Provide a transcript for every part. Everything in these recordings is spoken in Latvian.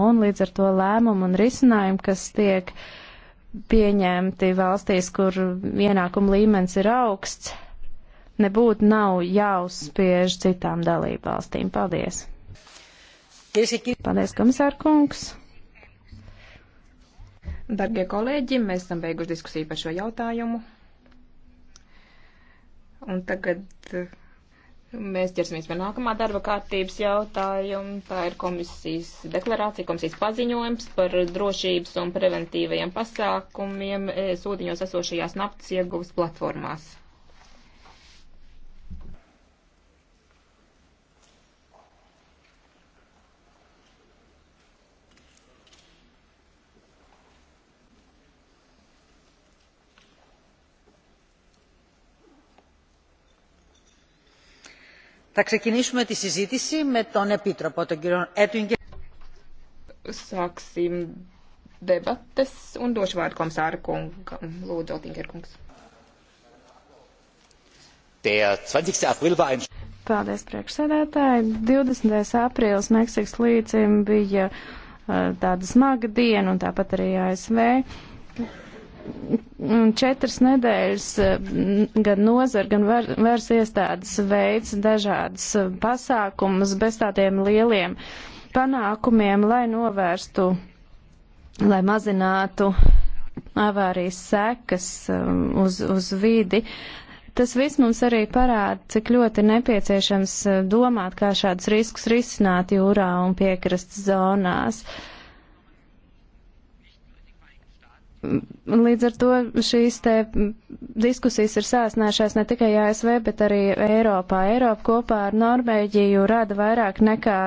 un līdz ar to lēmumu un risinājumu, kas tiek pieņemti valstīs, kur ienākuma līmenis ir augsts, nebūtu nav jāuzspiež citām dalību valstīm. Paldies! Paldies, komisār kungs! Darbie kolēģi, mēs esam beiguši diskusiju par šo jautājumu. Un tagad Mēs ķersimies pie nākamā darba kārtības jautājuma. Tā ir komisijas deklarācija, komisijas paziņojums par drošības un preventīvajiem pasākumiem eh, sūdiņos esošajās naftas ieguves platformās. Θα ξεκινήσουμε τη συζήτηση με τον Επίτροπο, τον κύριο Έτουγκε. Sāksim debates un došu vārdu komisāru kungam. Lūdzu, Otinker kungs. Der 20. April war ein... Paldies, priekšsēdētāji. 20. aprīlis Meksikas līdzim bija eh, tāda smaga diena un tāpat arī ASV četras nedēļas eh, gan nozar, gan vērs iestādes veids dažādas eh, pasākumas bez tādiem lieliem panākumiem, lai novērstu, lai mazinātu avārijas sekas eh, uz, uz vidi. Tas viss mums arī parāda, cik ļoti nepieciešams domāt, kā šādus riskus risināt jūrā un piekrastes zonās. Uh, Un līdz ar to šīs te diskusijas ir sāsnējušās ne tikai ASV, bet arī Eiropā. Eiropa kopā ar Norvēģiju rada vairāk nekā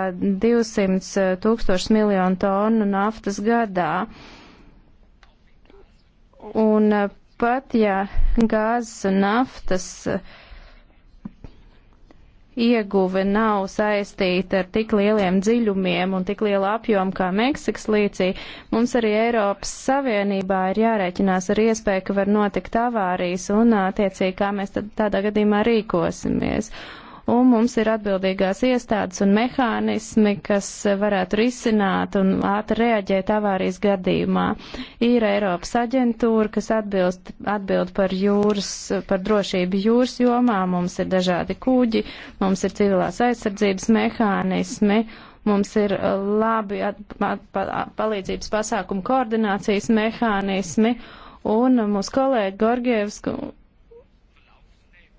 200 tūkstošus miljonu tonu naftas gadā. Un eh, pat ja gāzes un naftas uh, ieguve nav saistīta ar tik lieliem dziļumiem un tik lielu apjomu kā Meksikas līcī, mums arī Eiropas Savienībā ir jārēķinās ar iespēju, ka var notikt avārijas un attiecīgi, kā mēs tad tādā gadījumā rīkosimies un mums ir atbildīgās iestādes un mehānismi, kas varētu risināt un ātri reaģēt avārijas gadījumā. Ir Eiropas aģentūra, kas atbilst, atbild par jūras, par drošību jūras jomā, mums ir dažādi kuģi, mums ir civilās aizsardzības mehānismi. Mums ir labi at, at, at, palīdzības pasākumu koordinācijas mehānismi, un mūsu kolēģi Gorgievs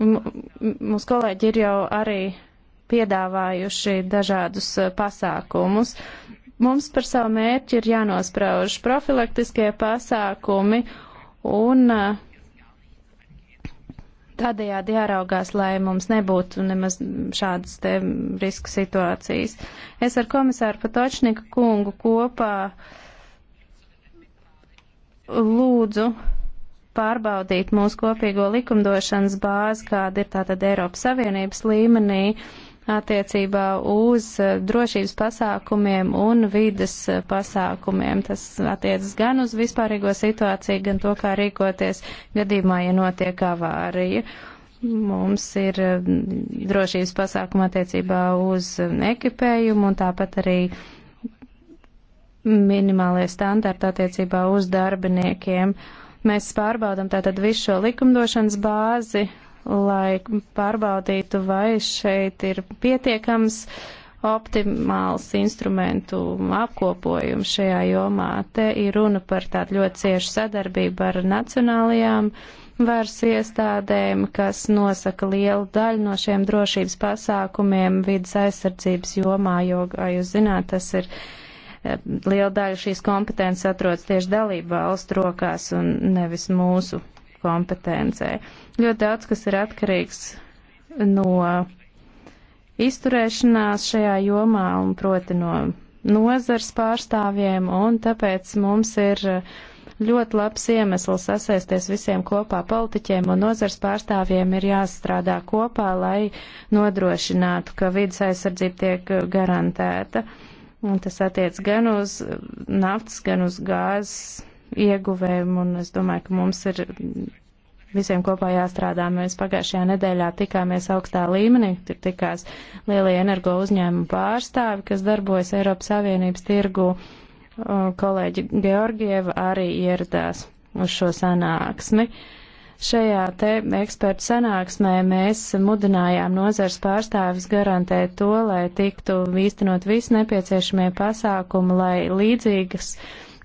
mūsu kolēģi ir jau arī piedāvājuši dažādus eh, pasākumus. Mums par savu mērķi ir jānosprauž profilaktiskie pasākumi un eh, tādējādi jāraugās, lai mums nebūtu nemaz šādas te riska situācijas. Es ar komisāru Patočniku kungu kopā lūdzu pārbaudīt mūsu kopīgo likumdošanas bāzi, kāda ir tātad Eiropas Savienības līmenī attiecībā uz eh, drošības pasākumiem un vidas eh, pasākumiem. Tas attiecas gan uz vispārīgo situāciju, gan to, kā rīkoties gadījumā, ja notiek avārija. Mums ir eh, drošības pasākuma attiecībā uz ekipējumu un tāpat arī minimālie standarti attiecībā uz darbiniekiem. Uh, Mēs pārbaudam tātad visu šo likumdošanas bāzi, lai pārbaudītu, vai šeit ir pietiekams optimāls instrumentu apkopojums šajā jomā. Te ir runa par tādu ļoti ciešu sadarbību ar nacionālajām varas iestādēm, kas nosaka lielu daļu no šiem drošības pasākumiem vidas aizsardzības jomā, jo, kā jūs zināt, tas ir uh, liela daļa šīs kompetences atrodas tieši dalību valstu rokās un nevis mūsu kompetencē. Ļoti daudz, kas ir atkarīgs no izturēšanās šajā jomā un proti no nozars pārstāvjiem, un tāpēc mums ir ļoti labs iemesls sasaisties visiem kopā politiķiem un nozars pārstāvjiem ir jāstrādā kopā, lai nodrošinātu, ka vidas aizsardzība tiek garantēta. Uh, Un tas attiec gan uz eh, naftas, gan uz gāzes ieguvējumu, un es domāju, ka mums ir visiem kopā jāstrādā. Mēs pagājušajā nedēļā tikāmies augstā līmenī, tur tikās lielie energo uzņēmumu pārstāvi, kas darbojas Eiropas Savienības tirgu. Kolēģi Georgieva arī ieradās uz šo sanāksmi. Uh, Šajā te ekspertu sanāksmē mēs mudinājām nozars pārstāvis garantēt to, lai tiktu īstenot visi nepieciešamie pasākumi, lai līdzīgas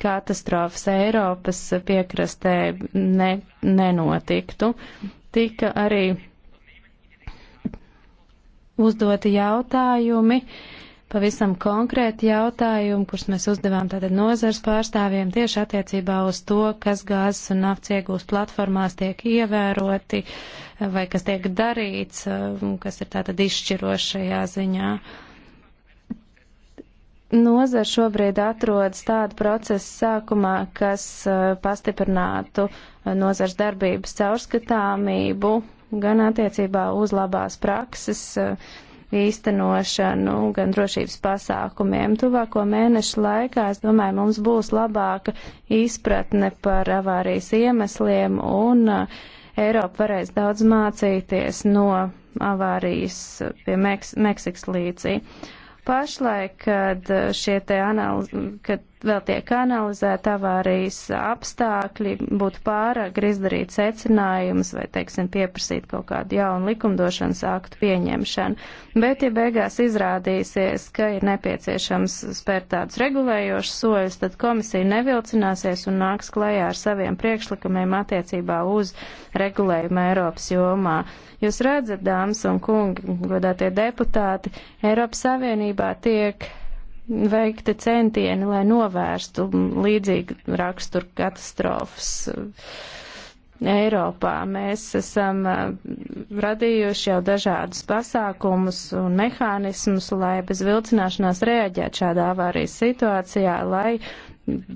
katastrofas Eiropas piekrastē ne, nenotiktu. Tika arī uzdoti jautājumi, uh, pavisam konkrēti jautājumi, kurus mēs uzdevām tātad nozars pārstāvjiem tieši attiecībā uz to, kas gāzes un nafts iegūst platformās tiek ievēroti vai kas tiek darīts, kas ir tātad izšķirošajā ziņā. Nozara šobrīd atrodas tāda procesa sākumā, kas eh, pastiprinātu eh, nozars darbības caurskatāmību gan attiecībā uz labās prakses uh, īstenošanu, gan drošības pasākumiem. Tuvāko mēnešu laikā, es domāju, mums būs labāka izpratne par avārijas iemesliem un uh, Eiropa varēs daudz mācīties no avārijas pie Meks Meksikas līcī. Pašlaik, kad šie te analiz, kad vēl tiek analizēta avārijas apstākļi, būtu pārāk izdarīt secinājumus vai, teiksim, pieprasīt kaut kādu jaunu likumdošanas aktu pieņemšanu. Bet, ja beigās izrādīsies, ka ir nepieciešams spērt tādus regulējošus soļus, tad komisija nevilcināsies un nāks klajā ar saviem priekšlikumiem attiecībā uz regulējumu Eiropas jomā. Jūs redzat, dāmas un kungi, godātie deputāti, Eiropas Savienībā tiek veikti centieni, lai novērstu līdzīgu raksturu katastrofas. Uh, Eiropā mēs esam uh, radījuši jau dažādus pasākumus un mehānismus, lai bez vilcināšanās reaģētu šādā avārijas situācijā, lai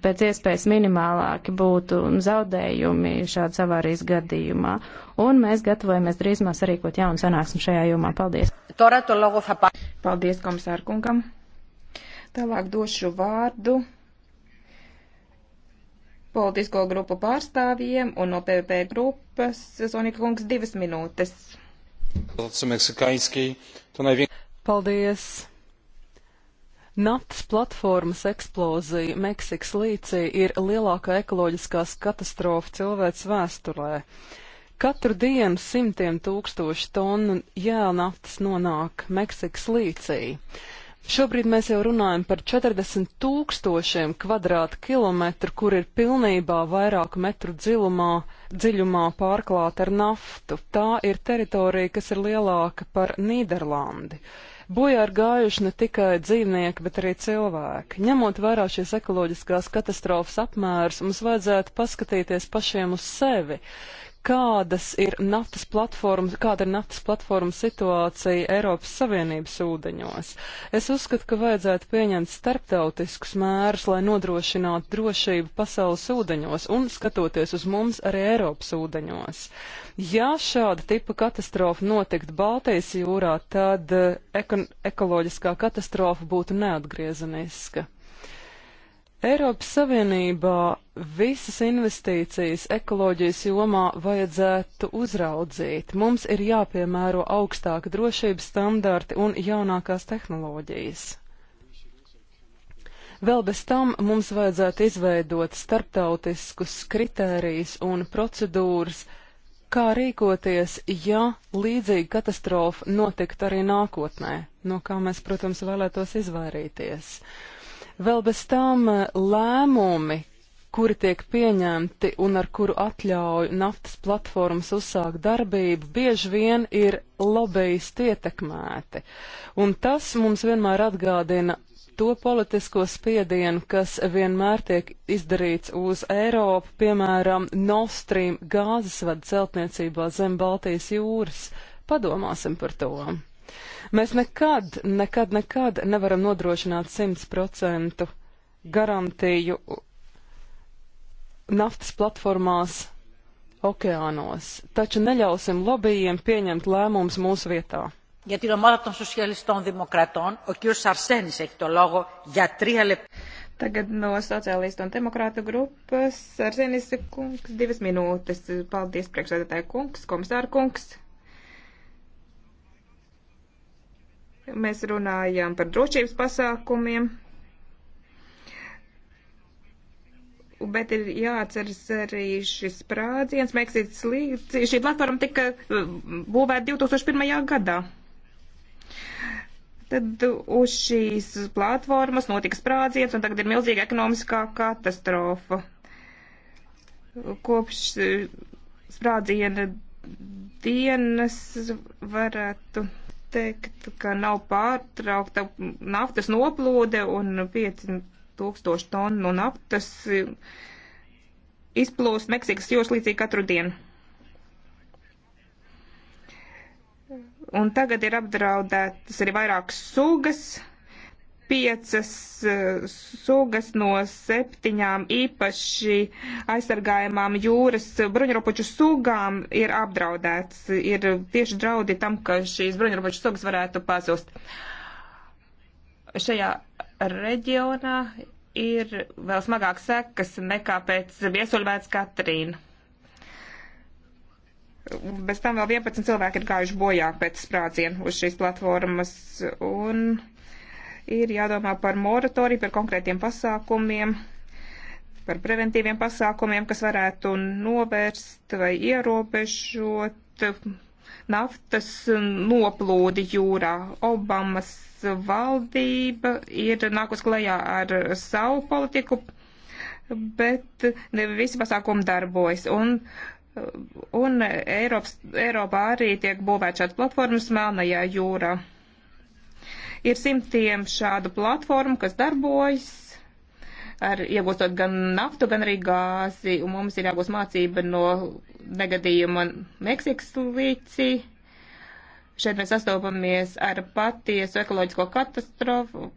pēc iespējas minimālāki būtu zaudējumi šādas avārijas gadījumā. Un mēs gatavojamies drīzumā sarīkot jaunu sanāksmu šajā jomā. Paldies! Paldies komisāru kungam! Tālāk došu vārdu politisko grupu pārstāvjiem un no PVP grupas Sonika kungs divas minūtes. Paldies! Naftas platformas eksplozija Meksikas līcī ir lielākā ekoloģiskās katastrofa cilvēks vēsturē. Katru dienu simtiem tūkstoši tonu jēlnaftas nonāk Meksikas līcī. Šobrīd mēs jau runājam par 40 tūkstošiem kvadrātkilometru, kur ir pilnībā vairāku metru dzilumā, dziļumā pārklāta ar naftu. Tā ir teritorija, kas ir lielāka par Nīderlandi. Bojā ir gājuši ne tikai dzīvnieki, bet arī cilvēki. Ņemot vērā šīs ekoloģiskās katastrofas apmērs, mums vajadzētu paskatīties pašiem uz sevi kādas ir naftas platformas, kāda ir naftas platformas situācija Eiropas Savienības ūdeņos. Es uzskatu, ka vajadzētu pieņemt starptautiskus mērus, lai nodrošinātu drošību pasaules ūdeņos un skatoties uz mums arī Eiropas ūdeņos. Ja šāda tipa katastrofa notikt Baltijas jūrā, tad eh, ekoloģiskā katastrofa būtu neatgriezeniska. Eiropas Savienībā visas investīcijas ekoloģijas jomā vajadzētu uzraudzīt. Mums ir jāpiemēro augstāka drošības standarti un jaunākās tehnoloģijas. Vēl bez tam mums vajadzētu izveidot starptautiskus kritērijus un procedūras, kā rīkoties, ja līdzīga katastrofa notikt arī nākotnē, no kā mēs, protams, vēlētos izvairīties. Uh, Vēl bez tam eh, lēmumi, kuri tiek pieņemti un ar kuru atļauju naftas platformas uzsākt darbību, bieži vien ir lobbyisti ietekmēti. Un tas mums vienmēr atgādina to politisko spiedienu, kas vienmēr tiek izdarīts uz Eiropu, piemēram, Nord Stream gāzes vada celtniecībā zem Baltijas jūras. Padomāsim par to. Mēs nekad, nekad, nekad nevaram nodrošināt 100% garantiju naftas platformās okeānos, taču neļausim lobbyiem pieņemt lēmumus mūsu vietā. Για την ομάδα των Σοσιαλιστών Δημοκρατών, ο κ. Αρσένης έχει το λόγο για τρία λεπτά. Tagad no Sociālistu un Demokrātu grupas Arsenis kungs divas minūtes. Paldies, priekšsēdētāji kungs, komisāra kungs. Mēs runājām par drošības pasākumiem, bet ir jāatceras arī šis prādziens, Meksīts līdz, šī platforma tika uh, būvēta 2001. gadā. Tad uz šīs platformas notika sprādziens, un tagad ir milzīga ekonomiskā katastrofa. Kopš uh, sprādziena dienas varētu teikt, ka nav pārtraukta naftas noplūde un 5000 tonu naftas izplūst Meksikas jūras līdzīgi katru dienu. Un tagad ir apdraudētas arī vairākas sugas, piecas eh, sugas no septiņām īpaši aizsargājumām jūras bruņuropuču sugām ir apdraudēts. Ir tieši draudi tam, ka šīs bruņuropuču sugas varētu pazust. Šajā reģionā ir vēl smagāk sekas nekā pēc viesuļvētas Katrīna. Bez tam vēl 11 cilvēki ir gājuši bojā pēc sprādzienu uz šīs platformas. Un ir jādomā par moratoriju, par konkrētiem pasākumiem, par preventīviem pasākumiem, kas varētu novērst vai ierobežot naftas noplūdi jūrā. Obamas valdība ir nākus klajā ar savu politiku, bet ne visi pasākumi darbojas. Un, un Eiropas, Eiropā arī tiek būvēt šādas platformas Melnajā jūrā. Ir simtiem šādu platformu, kas darbojas, ar iegūstot gan naftu, gan arī gāzi, un mums ir jāgūst mācība no negadījuma Meksikas līcī. Šeit mēs sastopamies ar patiesu ekoloģisko katastrofu.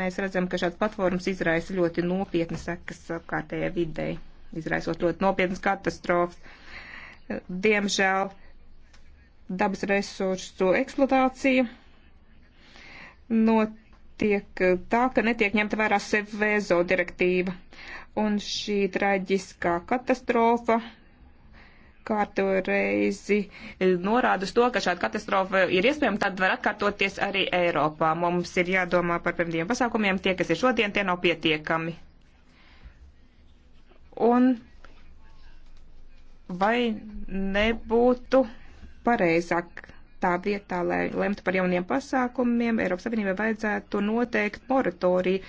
Mēs redzam, ka šāds platformas izraisa ļoti nopietnas sekas apkārtējai videi, izraisot ļoti nopietnas katastrofas. Diemžēl dabas resursu eksploatācija notiek tā, ka netiek ņemta vērā Sevezo direktīva. Un šī traģiskā katastrofa kārtu reizi norāda uz to, ka šāda katastrofa ir iespējama, tad var atkārtoties arī Eiropā. Mums ir jādomā par pirmdiem pasākumiem, tie, kas ir šodien, tie nav pietiekami. Un vai nebūtu pareizāk tā vietā, lai lemtu par jauniem pasākumiem, Eiropas Savienībai vajadzētu noteikt moratoriju,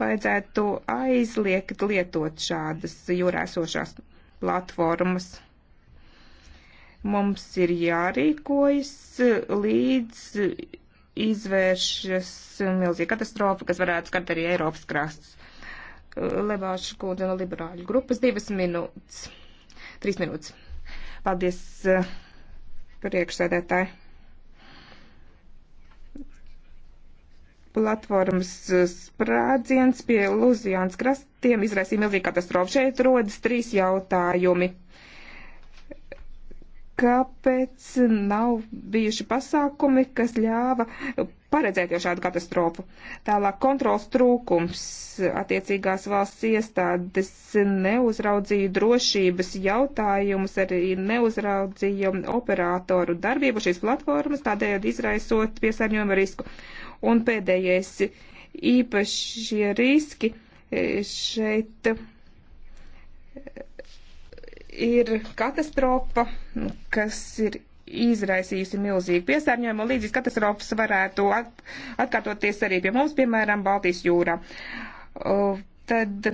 vajadzētu aizliegt lietot šādas jūrā esošās platformas. Mums ir jārīkojas līdz izvēršas milzīga katastrofa, kas varētu skart arī Eiropas krastus. Lebāša kundze no liberāļu grupas divas minūtes, trīs minūtes. Paldies priekšsēdētāji. platformas eh, sprādziens pie Luzijānas krastiem izraisīja milzīgu katastrofu. Šeit rodas trīs jautājumi. Kāpēc nav bijuši pasākumi, kas ļāva paredzēt jau šādu katastrofu? Tālāk kontrols trūkums. Attiecīgās valsts iestādes neuzraudzīja drošības jautājumus, arī neuzraudzīja operātoru darbību šīs platformas, tādējādi izraisot piesārņojumu risku. Un pēdējais īpašie riski e, šeit e, ir katastrofa, kas ir izraisījusi milzīgu piesārņojumu, un līdzīgas katastrofas varētu atkārtoties arī pie mums, piemēram, Baltijas jūrā. Tad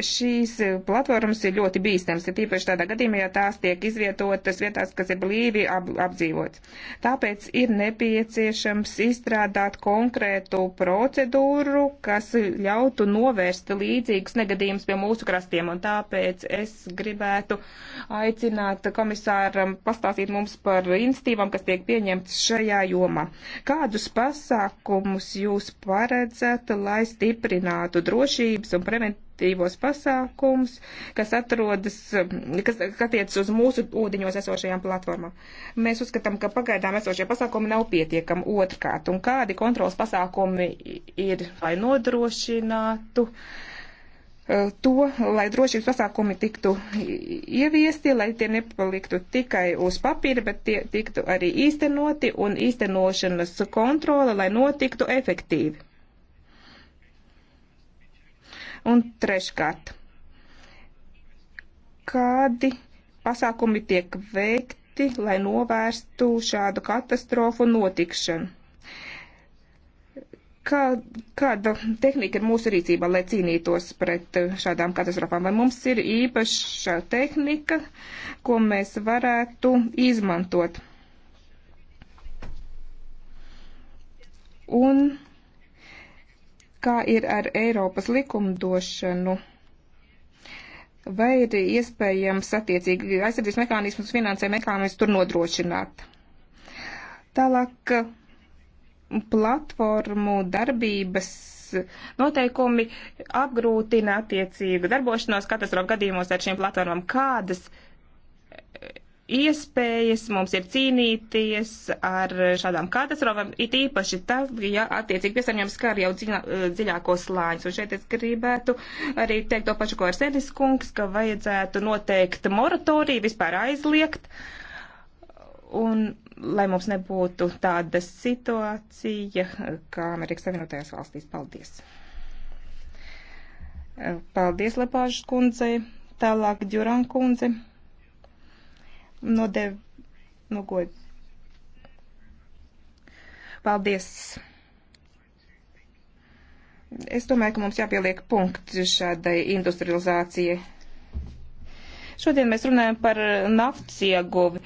šīs eh, platformas ir ļoti bīstams, ir tīpaši tādā gadījumā, ja tās tiek izvietotas vietās, kas ir blīvi ap, apdzīvots. Tāpēc ir nepieciešams izstrādāt konkrētu procedūru, kas ļautu novērst līdzīgus negadījumus pie mūsu krastiem, un tāpēc es gribētu aicināt komisāram pastāstīt mums par institīvam, kas tiek pieņemts šajā jomā. Kādus pasākumus jūs paredzat, lai stiprinātu drošības un preventīvas administratīvos pasākums, kas atrodas, um, kas attiecas uz mūsu ūdeņos esošajām platformām. Mēs uzskatām, ka pagaidām esošie pasākumi nav pietiekami otrkārt, un kādi kontrols pasākumi ir, lai nodrošinātu uh, to, lai drošības pasākumi tiktu ieviesti, lai tie nepaliktu tikai uz papīra, bet tie tiktu arī īstenoti un īstenošanas kontrole, lai notiktu efektīvi. Un treškārt, kādi pasākumi tiek veikti, lai novērstu šādu katastrofu notikšanu? Kā, kāda tehnika ir mūsu rīcībā, lai cīnītos pret šādām katastrofām? Vai mums ir īpaša tehnika, ko mēs varētu izmantot? Un kā ir ar Eiropas likumdošanu? Vai ir iespējams attiecīgi aizsardzības mehānismus, finansē mehānismus tur nodrošināt? Tālāk platformu darbības noteikumi apgrūtina attiecīgu darbošanos katastrofu gadījumos ar šīm platformām. Kādas iespējas mums ir cīnīties ar šādām katastrofām, it īpaši tad, ja attiecīgi piesārņojums skar jau dziļā, eh, dziļākos slāņus. Un šeit es gribētu arī teikt to pašu, ko ar Sedis kungs, ka vajadzētu noteikt moratoriju, vispār aizliegt. Un lai mums nebūtu tāda situācija, kā Amerikas Savienotajās valstīs. Paldies! Paldies, Lepāžas kundzei! Tālāk Džuran kundzei! no, dev, no goja. Paldies! Es domāju, ka mums jāpieliek punkts šādai industrializācijai. Šodien mēs runājam par naftas ieguvi.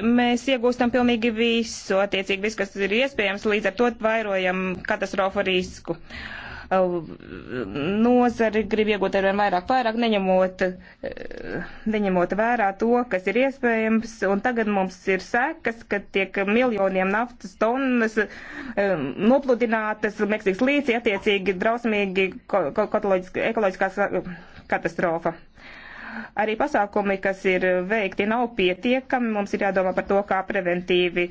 Mēs iegūstam pilnīgi visu, attiecīgi visu, kas ir iespējams, līdz ar to vairojam katastrofu risku. Uh, nozari grib iegūt arvien vairāk pārāk, neņemot, neņemot vērā to, kas ir iespējams, un tagad mums ir sekas, ka tiek miljoniem naftas tonnas um, nopludinātas Meksikas līcī, attiecīgi drausmīgi ekoloģiskās katastrofa arī pasākumi, kas ir veikti, nav pietiekami. Mums ir jādomā par to, kā preventīvi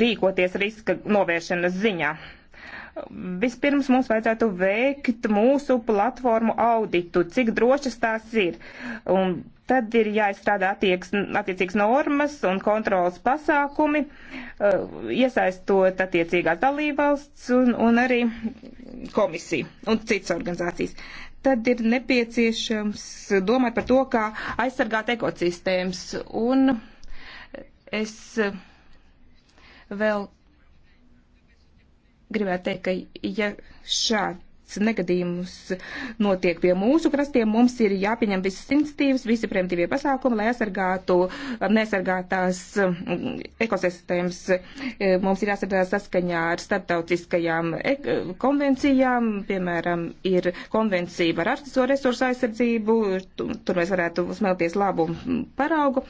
rīkoties riska novēršanas ziņā. Vispirms mums vajadzētu veikt mūsu platformu auditu, cik drošas tās ir. Un tad ir jāizstrādā attieks, attiecīgas normas un kontrolas pasākumi, eh, iesaistot attiecīgās dalībvalsts un, un arī komisiju un citas organizācijas. Tad ir nepieciešams domāt par to, kā aizsargāt ekosistēmas. Un es eh, vēl gribētu teikt, ka ja šāds negadījums notiek pie mūsu krastiem, mums ir jāpieņem visas iniciatīvas, visi preventīvie pasākumi, lai aizsargātu nesargātās mm, ekosistēmas. E, mums ir jāsargā saskaņā ar starptautiskajām e, konvencijām, piemēram, ir konvencija par arktisko resursu aizsardzību, tur mēs varētu smelties labu paraugu,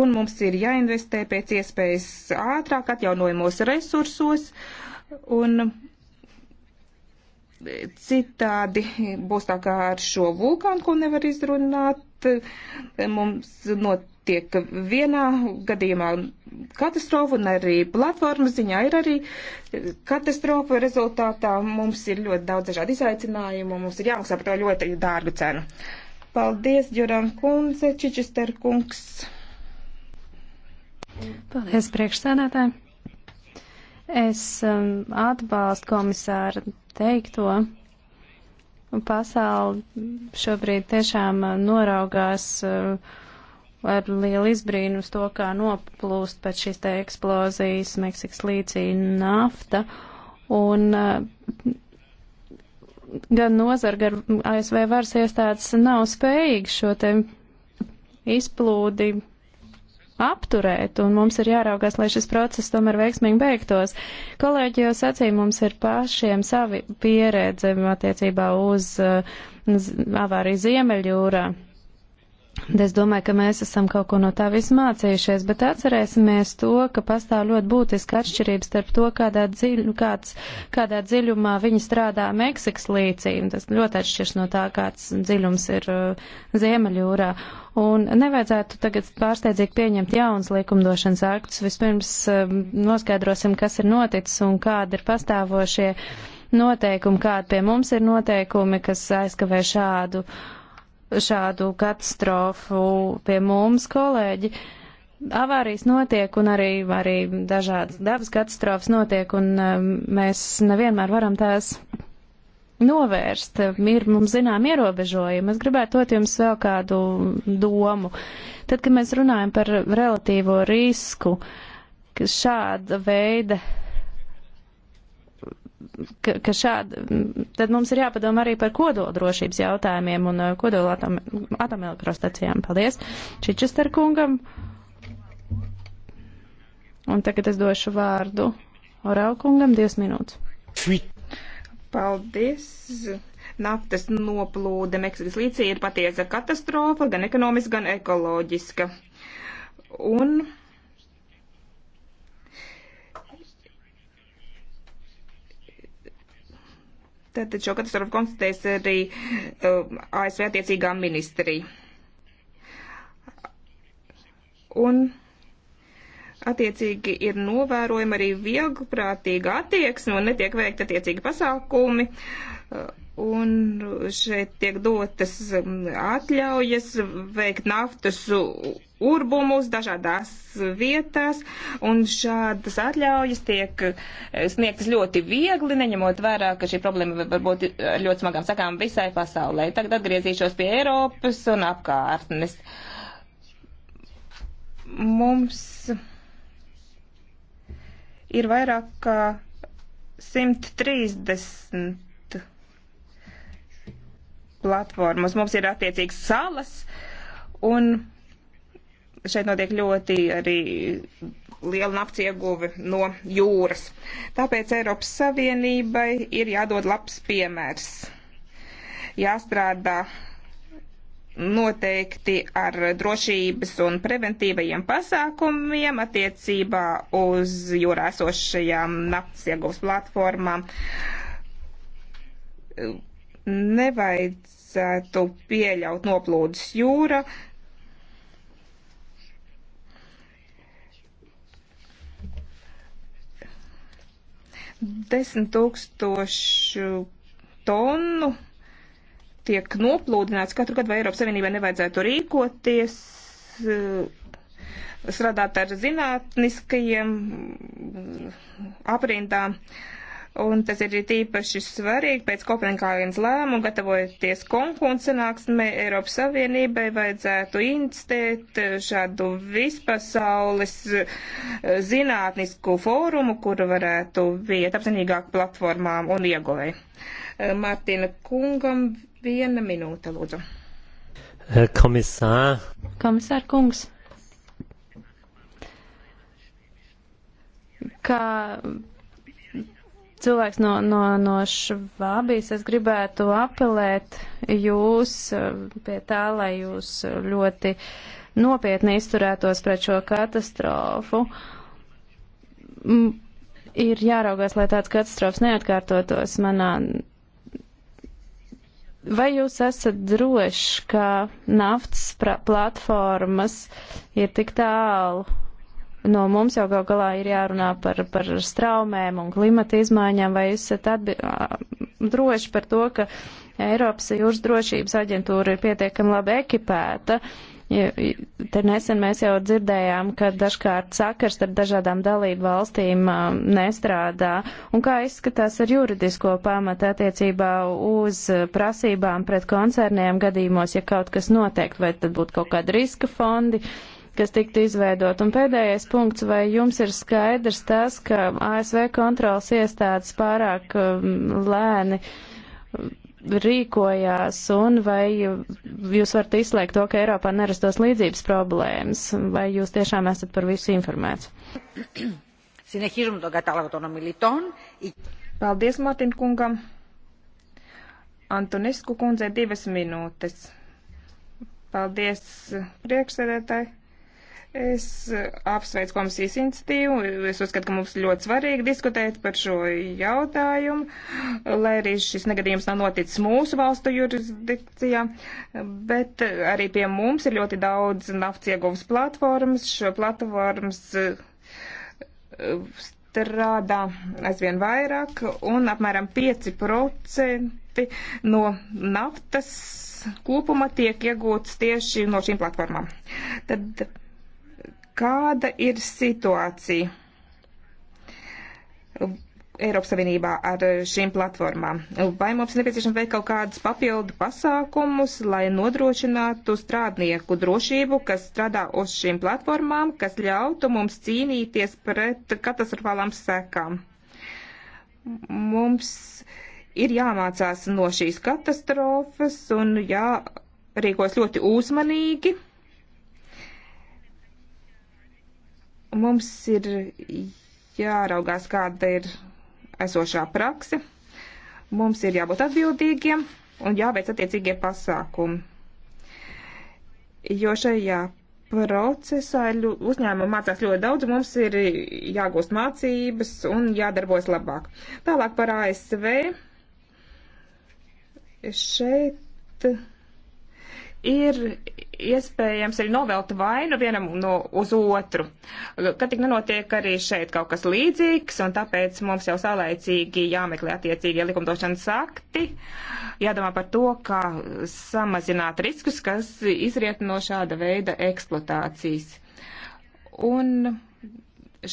un mums ir jāinvestē pēc iespējas ātrāk atjaunojumos resursos. Uh, Un citādi būs tā kā ar šo vulkānu, ko nevar izrunāt. Mums notiek vienā gadījumā katastrofa un arī platformas ziņā ir arī katastrofa rezultātā. Mums ir ļoti daudz dažādu izaicinājumu, mums ir jāmaksā par to ļoti dārgu cenu. Paldies, Džuram kundze, Čičister kungs. Paldies, priekšsēdētāji. Es um, atbalstu komisāru teikto. Pasauli šobrīd tiešām uh, noraugās uh, ar lielu izbrīnu uz to, kā noplūst pēc šīs te eksplozijas Meksikas līcī nafta. Un uh, gan nozar, gan ASV varas iestādes nav spējīgi šo te izplūdi apturēt, un mums ir jāraugās, lai šis process tomēr veiksmīgi beigtos. Kolēģi jau sacīja, mums ir pašiem savi pieredze attiecībā uz, uz uh, avāriju Ziemeļjūrā. Es domāju, ka mēs esam kaut ko no tā vismācījušies, bet atcerēsimies to, ka pastāv ļoti būtiska atšķirība starp to, kādā, dziļ, kāds, kādā dziļumā viņi strādā Meksikas līcī. Tas ļoti atšķirs no tā, kāds dziļums ir uh, Ziemeļūrā. Un nevajadzētu tagad pārsteidzīgi pieņemt jaunas likumdošanas aktus. Vispirms uh, noskaidrosim, kas ir noticis un kādi ir pastāvošie noteikumi, kādi pie mums ir noteikumi, kas aizkavē šādu. Uh, šādu katastrofu pie mums, kolēģi. Avārijas notiek un arī, arī dažādas dabas katastrofas notiek, un um, mēs nevienmēr varam tās novērst. Ir mums zinām ierobežojumi. Es gribētu dot jums vēl kādu domu. Tad, kad mēs runājam par relatīvo risku, ka šāda veida ka, ka šādi, tad mums ir jāpadomā arī par kodoldrošības jautājumiem un uh, kodola atom, atomelektrostacijām. Paldies Čičester kungam. Un tagad es došu vārdu Orau kungam divas minūtes. Paldies! Naftas noplūde Meksikas līcī ir patiesa katastrofa, gan ekonomiska, gan ekoloģiska. Un Tātad šo katastrofu konstatēs arī uh, eh, ASV attiecīgā ministrija. Un attiecīgi ir novērojama arī vieglprātīga attieksme un netiek veikta attiecīgi pasākumi. Uh, Un šeit tiek dotas mm, atļaujas veikt naftas urbumus dažādās vietās, un šādas atļaujas tiek eh, sniegtas ļoti viegli, neņemot vērā, ka šī problēma var būt ļoti smagām sakām visai pasaulē. Tagad atgriezīšos pie Eiropas un apkārtnes. Mums ir vairāk kā 130 platformas. Mums ir attiecīgs salas, un šeit notiek ļoti arī liela nafts ieguve no jūras. Tāpēc Eiropas Savienībai ir jādod labs piemērs. Jāstrādā noteikti ar drošības un preventīvajiem pasākumiem attiecībā uz jūrā esošajām naftas ieguvas platformām. Nevajadz nevajadzētu pieļaut noplūdes jūra. Desmit tūkstošu tonu tiek noplūdināts katru gadu, vai Eiropas Savienībai nevajadzētu rīkoties, eh, strādāt ar zinātniskajiem eh, aprindām. Uh, Un tas ir īpaši svarīgi pēc Kopenhāgenes lēmuma, gatavojoties konkursu sanāksmē, Eiropas Savienībai vajadzētu instēt šādu vispasaules eh, zinātnisku fórumu, kur varētu viet apzinīgāk platformām un ieguvēji. Eh, Martina kungam viena minūte, lūdzu. Eh, komisār. Komisār kungs. Kā cilvēks no, no, no Švābijas, es gribētu apelēt jūs eh, pie tā, lai jūs ļoti nopietni izturētos pret šo katastrofu. Ir jāraugās, lai tāds katastrofs neatkārtotos manā. Vai jūs esat droši, ka naftas platformas ir tik tālu no mums jau gal galā ir jārunā par, par straumēm un klimata izmaiņām, vai esat atbi, droši par to, ka Eiropas jūras drošības aģentūra ir pietiekami labi ekipēta. Te nesen mēs jau dzirdējām, ka dažkārt sakars ar dažādām dalību valstīm nestrādā. Un kā izskatās ar juridisko pamatu attiecībā uz prasībām pret koncerniem gadījumos, ja kaut kas notiek, vai tad būtu kaut kādi riska fondi? Uh, kas tiktu izveidot. Un pēdējais punkts, vai jums ir skaidrs tas, ka ASV kontrols iestādes pārāk um, lēni um, rīkojās, un vai jūs varat izslēgt to, ka Eiropā nerastos līdzības problēmas, vai jūs tiešām esat par visu informēts? Paldies, Mārtiņ kungam. Antonisku kundze divas minūtes. Paldies, priekšsēdētāji. Es eh, apsveicu komisijas iniciatīvu. Es uzskatu, ka mums ļoti svarīgi diskutēt par šo jautājumu, lai arī šis negadījums nav noticis mūsu valstu jurisdikcijā, bet eh, arī pie mums ir ļoti daudz nafts ieguvas platformas. Šo platformas eh, strādā aizvien vairāk un apmēram 5% no naftas kopuma tiek iegūts tieši no šīm platformām. Tad Kāda ir situācija Eiropas Savienībā ar šīm platformām? Vai mums nepieciešams veikt kaut kādus papildu pasākumus, lai nodrošinātu strādnieku drošību, kas strādā uz šīm platformām, kas ļautu mums cīnīties pret katastrofālām sekām? Mums ir jāmācās no šīs katastrofas un jārīkos ļoti uzmanīgi Mums ir jāraugās, kāda ir esošā prakse. Mums ir jābūt atbildīgiem un jāveic attiecīgie pasākumi. Jo šajā procesā uzņēmumi mācās ļoti daudz, mums ir jāgūst mācības un jādarbojas labāk. Tālāk par ASV. Šeit ir iespējams arī novelt vainu vienam no uz otru, ka tik nenotiek arī šeit kaut kas līdzīgs, un tāpēc mums jau saulēcīgi jāmeklē attiecīgie likumdošanas akti, jādomā par to, kā samazināt riskus, kas izriet no šāda veida eksploatācijas. Un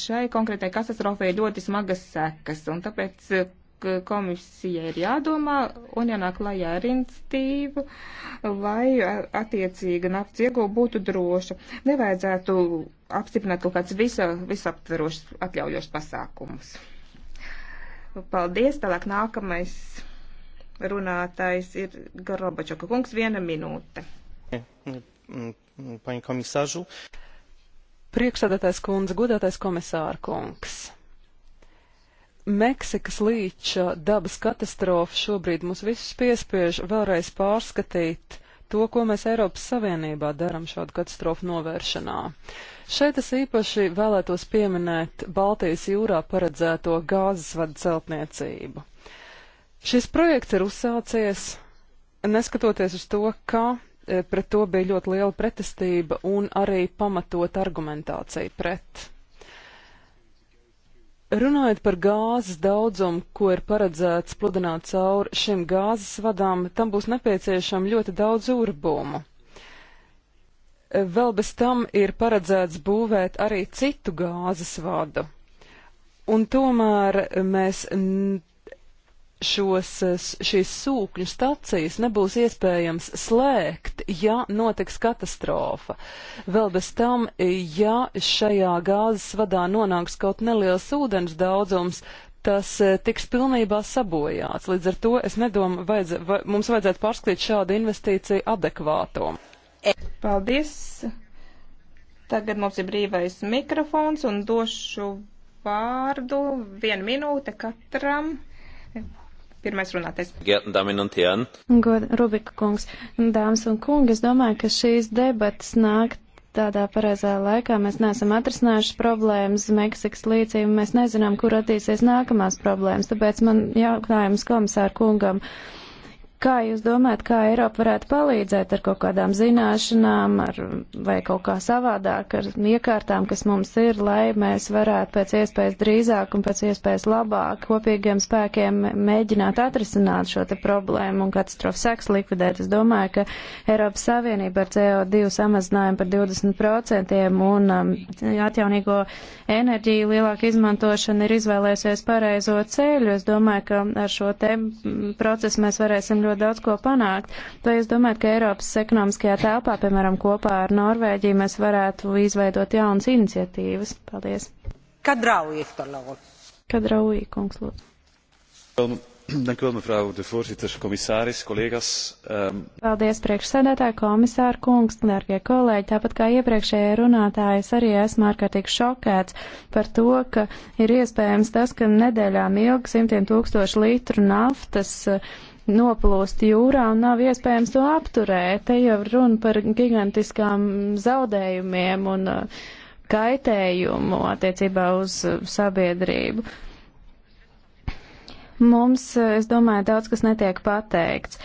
šai konkrētai katastrofai ļoti smagas sekas, un tāpēc komisija ir jādomā un jānāk lajā ar institīvu, lai attiecīga naftas ieguva būtu droša. Nevajadzētu apstiprināt kaut kāds visa, visaptverošs atļaujošs pasākums. Paldies, tālāk nākamais runātājs ir Garobačoka kungs, viena minūte. Paņu komisāžu. Priekšsēdētājs kundze, godātais komisāra kungs Meksikas līča dabas katastrofa šobrīd mūs visus piespiež vēlreiz pārskatīt to, ko mēs Eiropas Savienībā darām šādu katastrofu novēršanā. Šeit es īpaši vēlētos pieminēt Baltijas jūrā paredzēto gāzes vadu celtniecību. Šis projekts ir uzsācies, neskatoties uz to, ka e, pret to bija ļoti liela pretestība un arī pamatot argumentācija pret. Runājot par gāzes daudzumu, ko ir paredzēts pludināt cauri šim gāzes vadām, tam būs nepieciešama ļoti daudz urbumu. Vēl bez tam ir paredzēts būvēt arī citu gāzes vadu. Un tomēr mēs šos, šīs sūkņu stacijas nebūs iespējams slēgt, ja notiks katastrofa. Vēl bez tam, ja šajā gāzes vadā nonāks kaut neliels ūdens daudzums, tas e, tiks pilnībā sabojāts. Līdz ar to es nedomu, vajadz, va, mums vajadzētu pārskatīt šādu investīciju adekvātumu. Paldies! Tagad mums ir brīvais mikrofons un došu vārdu vienu minūte katram pirmais runātais. God, Rubika kungs, dāmas un kungi, es domāju, ka šīs debatas nāk tādā pareizā laikā mēs neesam atrisinājuši problēmas Meksikas līcī, un mēs nezinām, kur attīsies nākamās problēmas. Tāpēc man jautājums komisāru kungam. Uh, Kā jūs domājat, kā Eiropa varētu palīdzēt ar kaut kādām zināšanām ar, vai kaut kā savādāk ar iekārtām, kas mums ir, lai mēs varētu pēc iespējas drīzāk un pēc iespējas labāk kopīgiem spēkiem mēģināt atrisināt šo te problēmu un katastrofu seks likvidēt? Es domāju, ka Eiropas Savienība ar CO2 samazinājumu par 20% un um, atjaunīgo enerģiju lielāku izmantošanu ir izvēlējusies pareizo ceļu. Es domāju, ka ar šo te procesu mēs varēsim ļoti ļoti daudz ko panākt. Vai jūs domājat, ka Eiropas ekonomiskajā telpā, piemēram, kopā ar Norvēģiju, mēs varētu izveidot jaunas iniciatīvas? Paldies. Kad raujies par labu? Kad raujī, kungs, lūdzu. Dank u wel, mevrouw de voorzitter, commissaris, collega's. Um... Paldies, priekšsēdētāji, komisāri, kungs, dārgie kolēģi. Tāpat kā iepriekšējā runātāja, es arī esmu ārkārtīgi šokēts par to, ka ir iespējams tas, ka nedēļām ilgi simtiem tūkstoši litru naftas uh, noplūst jūrā un nav iespējams to apturēt. Te jau runa par gigantiskām zaudējumiem un uh, kaitējumu attiecībā uz uh, sabiedrību. Mums, uh, es domāju, daudz kas netiek pateikts.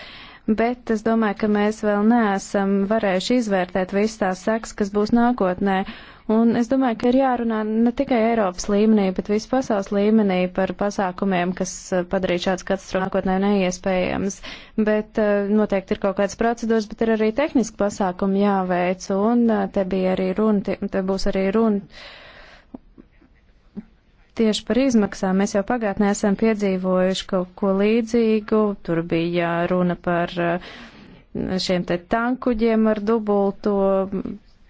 Bet es domāju, ka mēs vēl neesam varējuši izvērtēt visas tās sekas, kas būs nākotnē. Un es domāju, ka ir jārunā ne tikai Eiropas līmenī, bet visu pasaules līmenī par pasākumiem, kas eh, padarītu šāds katastrofas nākotnē neiespējams. Bet eh, noteikti ir kaut kādas procedūras, bet ir arī tehniski pasākumi jāveic. Un eh, te bija arī runa, te būs arī runa. Tieši par izmaksām mēs jau pagātnē esam piedzīvojuši kaut ko līdzīgu. Tur bija runa par šiem te tankuģiem ar dubulto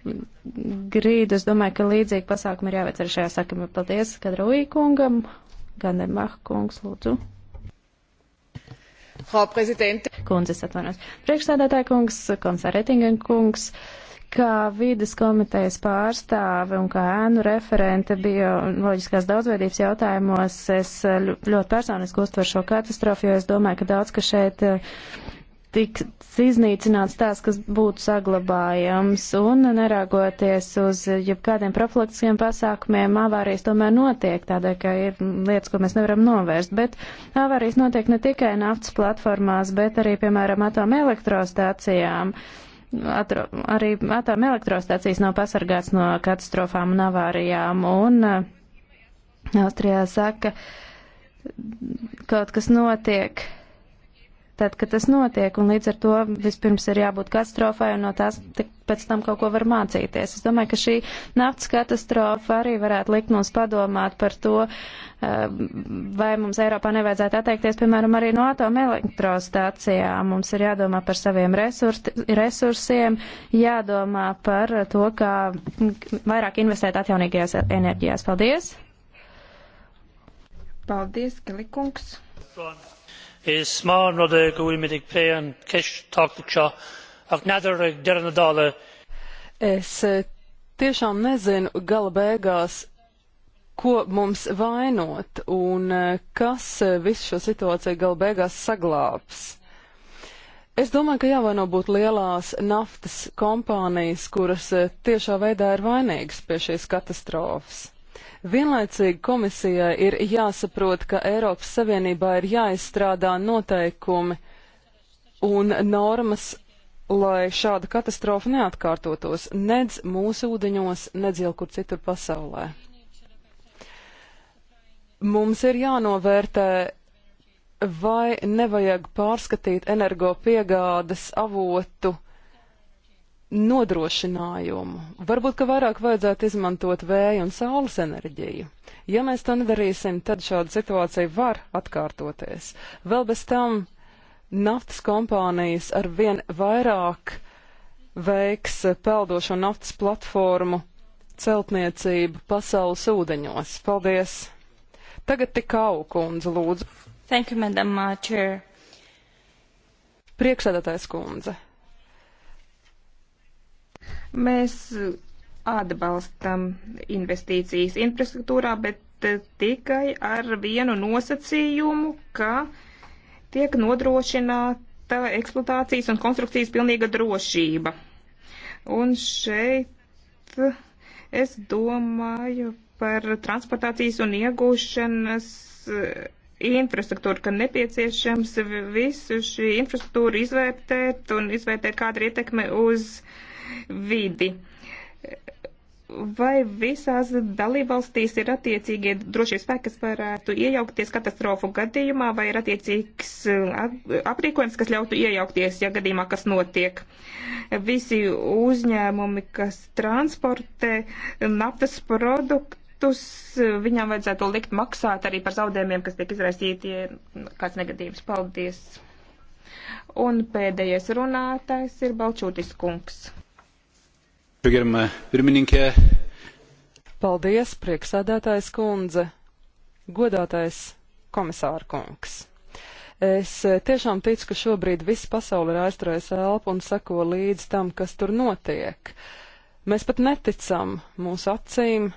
grīdu. Es domāju, ka līdzīgi pasākumi ir jāveic arī šajā sakamā. Paldies, kad Rūī kungam, gan ir Maha kungs, lūdzu. Frau Prezidente. Kundzes atvainojas. Priekšsēdētāja kungs, konsarētingen kungs, kā vides komitejas pārstāve un kā ēnu referente bioloģiskās daudzveidības jautājumos, es ļoti personiski uztveru šo katastrofu, jo es domāju, ka daudz, ka šeit. Uh, tiks iznīcināts tās, kas būtu saglabājams, un neraugoties uz jebkādiem profilaktiskiem pasākumiem, avārijas tomēr notiek, tādēļ, ka ir lietas, ko mēs nevaram novērst, bet avārijas notiek ne tikai naftas platformās, bet arī, piemēram, atomelektrostācijām. Atro, arī atomelektrostācijas nav pasargāts no katastrofām un avārijām, un uh, Austrijā saka, kaut kas notiek tad, kad tas notiek, un līdz ar to vispirms ir jābūt katastrofai, un no tās pēc tam kaut ko var mācīties. Es domāju, ka šī naftas katastrofa arī varētu likt mums padomāt par to, eh, vai mums Eiropā nevajadzētu atteikties, piemēram, arī no atomelektrostācijām. Mums ir jādomā par saviem resurs, resursiem, jādomā par to, kā vairāk investēt atjaunīgajās enerģijās. Paldies! Paldies, Kalikungs! Son is smár rud a go bhfuil minic plé an ceist tábhacht seo ach neadar ag deireadh dála. Es eh, tiešām nezinu gala beigās, ko mums vainot un eh, kas eh, visu šo situāciju gala beigās saglābs. Es domāju, ka jāvaino būtu lielās naftas kompānijas, kuras tiešā veidā ir vainīgas pie šīs katastrofas. Vienlaicīgi komisijai ir jāsaprot, ka Eiropas Savienībā ir jāizstrādā noteikumi un normas, lai šāda katastrofa neatkārtotos nedz mūsu ūdeņos, nedz jau kur citur pasaulē. Mums ir jānovērtē vai nevajag pārskatīt energopiegādes avotu nodrošinājumu. Varbūt, ka vairāk vajadzētu izmantot vēja un saules enerģiju. Ja mēs to nedarīsim, tad šāda situācija var atkārtoties. Vēl bez tam naftas kompānijas ar vien vairāk veiks peldošo naftas platformu celtniecību pasaules ūdeņos. Paldies! Tagad tik augundze, lūdzu. Thank you, Madam uh, Chair. Priekšsēdētājs kundze. Mēs atbalstam investīcijas infrastruktūrā, bet eh, tikai ar vienu nosacījumu, ka tiek nodrošināta eksploatācijas un konstrukcijas pilnīga drošība. Un šeit es domāju par transportācijas un iegūšanas eh, infrastruktūru, ka nepieciešams visu šī infrastruktūru izvērtēt un izvērtēt, kāda ir ietekme uz uh, vidi. Vai visās dalībvalstīs ir attiecīgie drošības spēki, kas varētu iejaukties katastrofu gadījumā, vai ir attiecīgs uh, aprīkojums, kas ļautu iejaukties, ja gadījumā kas notiek? Visi uzņēmumi, kas transportē naftas produktus, viņām vajadzētu likt maksāt arī par zaudējumiem, kas tiek izraisīti, ja kāds negadījums. Paldies! Un pēdējais runātājs ir Balčūtis kungs. Pirmā pirmininkē. Paldies, prieksēdētājs kundze, godātais komisāra kungs. Es tiešām ticu, ka šobrīd visa pasaule ir aizturējusi elpu un seko līdz tam, kas tur notiek. Mēs pat neticam mūsu acīm,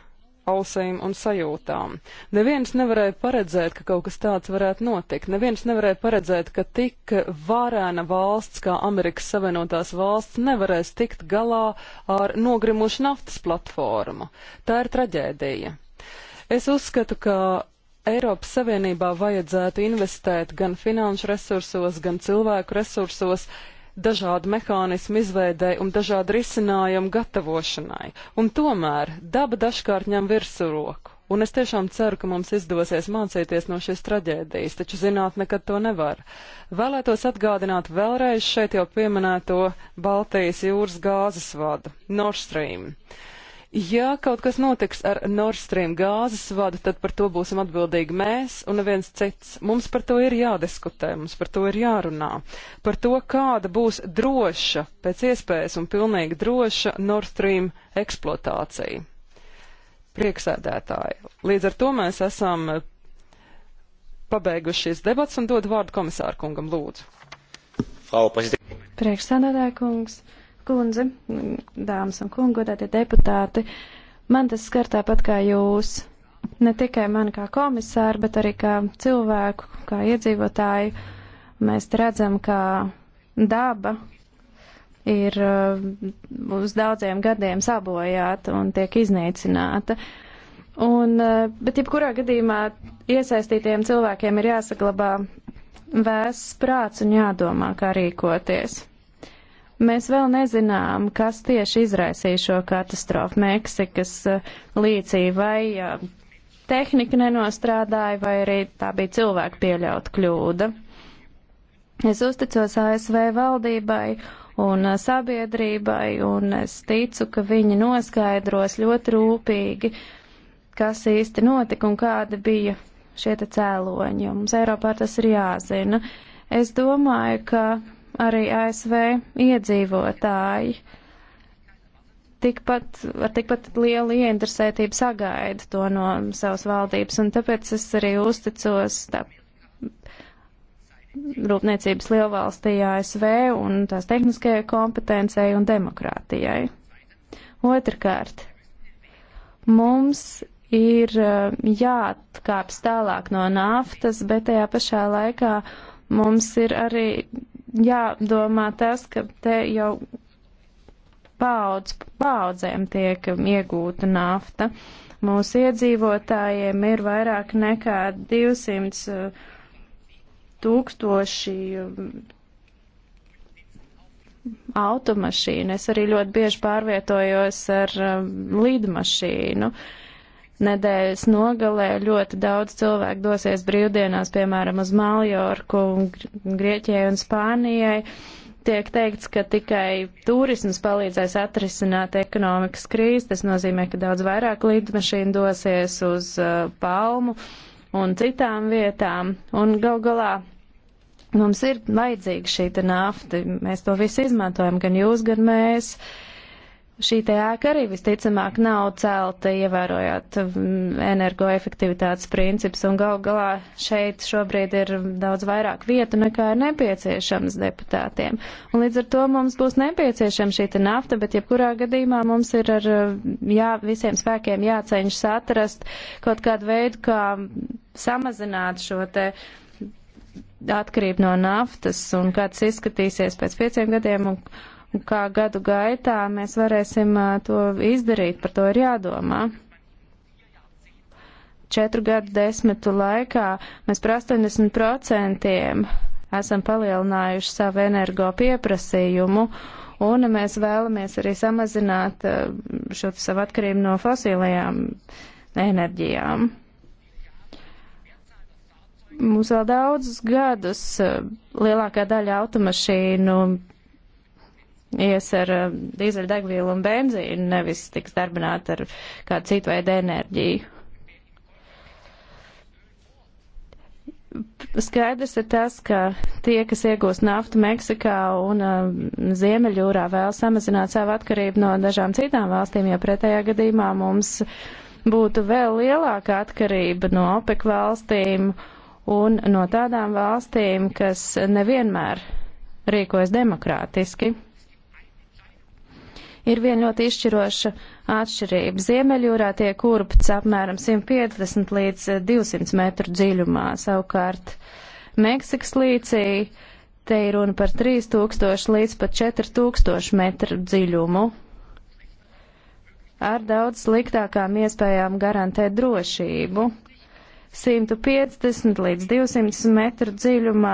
ausīm un sajūtām. Neviens nevarēja paredzēt, ka kaut kas tāds varētu notikt. Neviens nevarēja paredzēt, ka tik vārēna valsts kā Amerikas Savienotās valsts nevarēs tikt galā ar nogrimušu naftas platformu. Tā ir traģēdija. Es uzskatu, ka Eiropas Savienībā vajadzētu investēt gan finanšu resursos, gan cilvēku resursos, dažādu mehānismu izveidēji un dažādu risinājumu gatavošanai. Un tomēr daba dažkārt ņem virsroku. Un es tiešām ceru, ka mums izdosies mācīties no šīs traģēdijas, taču zināt nekad to nevar. Vēlētos atgādināt vēlreiz šeit jau pieminēto Baltijas jūras gāzes vadu Nord Stream. Uh, Ja kaut kas notiks ar Nord Stream gāzes vadu, tad par to būsim atbildīgi mēs un neviens cits. Mums par to ir jādiskutē, mums par to ir jārunā. Par to, kāda būs droša, pēc iespējas un pilnīgi droša Nord Stream eksploatācija. Prieksēdētāji. Līdz ar to mēs esam pabeiguši šīs debats un dod vārdu komisāru kungam lūdzu. Frau Priekšsēdētāja kungs kundze, dāmas un kungi, godātie deputāti, man tas skar tāpat kā jūs. Ne tikai man kā komisāru, bet arī kā cilvēku, kā iedzīvotāju. Mēs redzam, ka daba ir uh, uz daudziem gadiem sabojāta un tiek iznīcināta. Un, uh, bet jebkurā gadījumā iesaistītiem cilvēkiem ir jāsaglabā vēsts prāts un jādomā, kā rīkoties. Mēs vēl nezinām, kas tieši izraisīja šo katastrofu Meksikas uh, līcī, vai uh, tehnika nenostrādāja, vai arī tā bija cilvēku pieļauta kļūda. Es uzticos ASV valdībai un uh, sabiedrībai, un es ticu, ka viņi noskaidros ļoti rūpīgi, kas īsti notika un kādi bija šie cēloņi, jo mums Eiropā tas ir jāzina. Es domāju, ka arī ASV iedzīvotāji tikpat, ar tikpat lielu ieinteresētību sagaida to no savas valdības, un tāpēc es arī uzticos tā, rūpniecības lielvalstī ASV un tās tehniskajai kompetencei un demokrātijai. Otrakārt, mums ir uh, jāatkāps tālāk no naftas, bet tajā pašā laikā mums ir arī jādomā tas, ka te jau paudz, paudzēm tiek iegūta nafta. Mūsu iedzīvotājiem ir vairāk nekā 200 uh, tūkstoši um, automašīnu. Es arī ļoti bieži pārvietojos ar um, lidmašīnu. Uh, nedēļas nogalē ļoti daudz cilvēku dosies brīvdienās, piemēram, uz Maljorku, Grieķijai un Spānijai. Tiek teikts, ka tikai turisms palīdzēs atrisināt ekonomikas krīzi. Tas nozīmē, ka daudz vairāk lidmašīnu dosies uz uh, Palmu un citām vietām. Un gal galā mums ir vajadzīga šī nafta. Mēs to visu izmantojam, gan jūs, gan mēs. Uh, Šī te ēka arī visticamāk nav celta, ievērojot mm, energoefektivitātes princips, un gal galā šeit šobrīd ir daudz vairāk vietu nekā ir nepieciešams deputātiem. Un līdz ar to mums būs nepieciešama šī te nafta, bet jebkurā gadījumā mums ir ar jā, visiem spēkiem jāceņšas atrast kaut kādu veidu, kā samazināt šo te atkarību no naftas un kāds izskatīsies pēc pieciem gadiem. Un, kā gadu gaitā mēs varēsim to izdarīt, par to ir jādomā. Četru gadu desmitu laikā mēs par 80% esam palielinājuši savu energo pieprasījumu, un mēs vēlamies arī samazināt šo savu atkarību no fosilajām enerģijām. Mums vēl daudzus gadus lielākā daļa automašīnu ies ar eh, dīzeļdegvielu un benzīnu, nevis tiks darbināta ar kādu citu veidu enerģiju. Skaidrs ir tas, ka tie, kas iegūst naftu Meksikā un uh, Ziemeļjūrā, vēl samazināt savu atkarību no dažām citām valstīm, jo pretējā gadījumā mums būtu vēl lielāka atkarība no OPEC valstīm un no tādām valstīm, kas nevienmēr rīkojas demokrātiski ir viena ļoti izšķiroša atšķirība. Ziemeļjūrā tiek kurpts apmēram 150 līdz 200 metru dziļumā, savukārt Meksikas līcī te ir runa par 3000 līdz pat 4000 metru dziļumu ar daudz sliktākām iespējām garantēt drošību. 150 līdz 200 metru dziļumā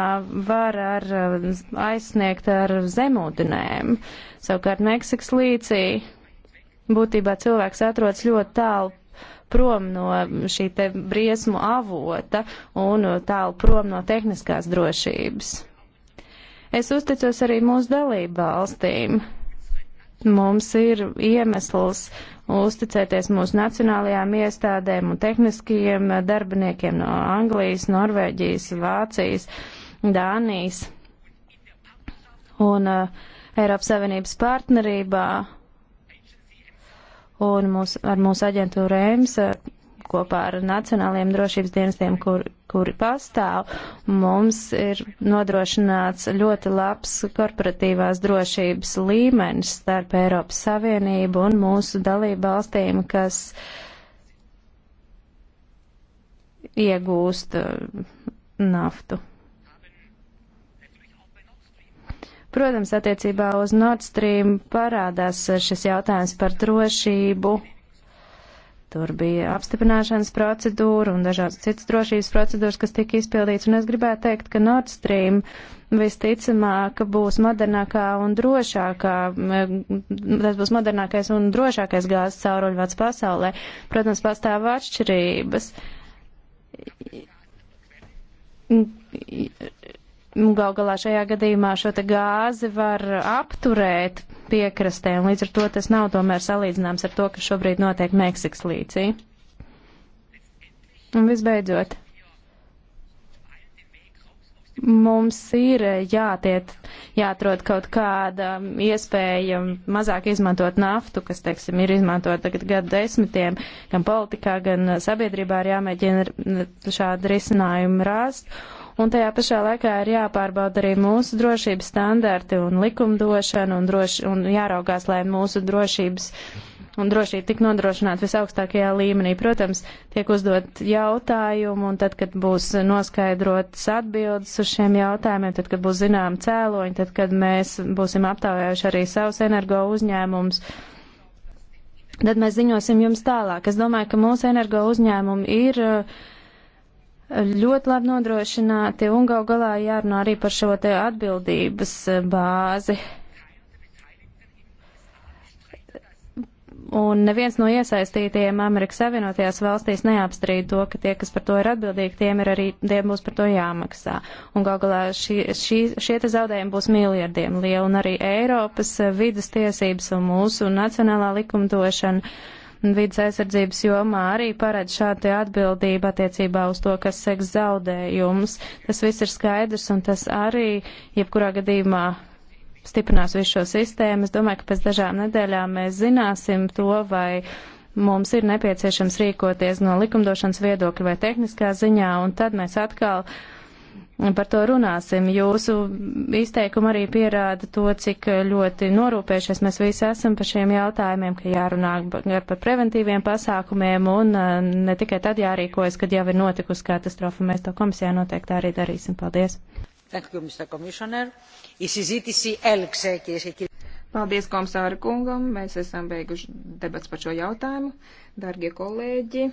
var ar, eh, aizsniegt ar zemūdenēm. Savukārt Meksikas līcī būtībā cilvēks atrodas ļoti tālu prom no šī te briesmu avota un tālu prom no tehniskās drošības. Es uzticos arī mūsu dalību valstīm, mums ir iemesls uzticēties mūsu nacionālajām iestādēm un tehniskajiem darbiniekiem no Anglijas, Norvēģijas, Vācijas, Dānijas. Un uh, Eiropas Savienības partnerībā un mūs, ar mūsu aģentūru EMS uh, kopā ar nacionāliem drošības dienestiem, kur, kuri pastāv. Mums ir nodrošināts ļoti labs korporatīvās drošības līmenis starp Eiropas Savienību un mūsu dalību valstīm, kas iegūst uh, naftu. Protams, attiecībā uz Nord Stream parādās šis jautājums par drošību Tur bija apstiprināšanas procedūra un dažādas citas drošības procedūras, kas tika izpildīts. Un es gribētu teikt, ka Nord Stream visticamāk būs modernākā un drošākā, tas būs modernākais un drošākais gāzes cauruļvats pasaulē. Protams, pastāv atšķirības gal galā šajā gadījumā šo te gāzi var apturēt piekrastē, un līdz ar to tas nav tomēr salīdzināms ar to, kas šobrīd notiek Meksikas līcī. Un visbeidzot, mums ir jātiet, jāatrod kaut kāda iespēja mazāk izmantot naftu, kas, teiksim, ir izmantot tagad gadu desmitiem, gan politikā, gan sabiedrībā ir jāmēģina šādu risinājumu rast un tajā pašā laikā ir jāpārbauda arī mūsu drošības standarti un likumdošana un, droši, un jāraugās, lai mūsu drošības un drošība tik nodrošināta visaugstākajā līmenī. Protams, tiek uzdot jautājumu, un tad, kad būs noskaidrotas atbildes uz šiem jautājumiem, tad, kad būs zinām cēloņi, tad, kad mēs būsim aptaujājuši arī savus energo uzņēmumus, tad mēs ziņosim jums tālāk. Es domāju, ka mūsu energo uzņēmumi ir uh, ļoti labi nodrošināti un gal galā jārunā arī par šo te atbildības e, bāzi. Un neviens no iesaistītajiem Amerikas Savienotajās valstīs neapstrīd to, ka tie, kas par to ir atbildīgi, tiem ir arī, tiem būs par to jāmaksā. Un gal galā šī, šī, šie te zaudējumi būs miljardiem lieli, un arī Eiropas e, vidas tiesības un mūsu nacionālā likumdošana uh, vidas aizsardzības jomā arī paredz šādu atbildību attiecībā uz to, kas seks zaudējums. Tas viss ir skaidrs un tas arī, jebkurā gadījumā, stiprinās visu šo sistēmu. Es domāju, ka pēc dažām nedēļām mēs zināsim to, vai mums ir nepieciešams rīkoties no likumdošanas viedokļa vai tehniskā ziņā, un tad mēs atkal par to runāsim. Jūsu izteikumi arī pierāda to, cik ļoti norūpējušies mēs visi esam par šiem jautājumiem, ka jārunā par preventīviem pasākumiem un uh, ne tikai tad jārīkojas, kad jau ir notikusi katastrofa. Mēs to komisijā noteikti arī darīsim. Paldies! Paldies komisāra kungam. Mēs esam beiguši debats par šo jautājumu. Dargie kolēģi!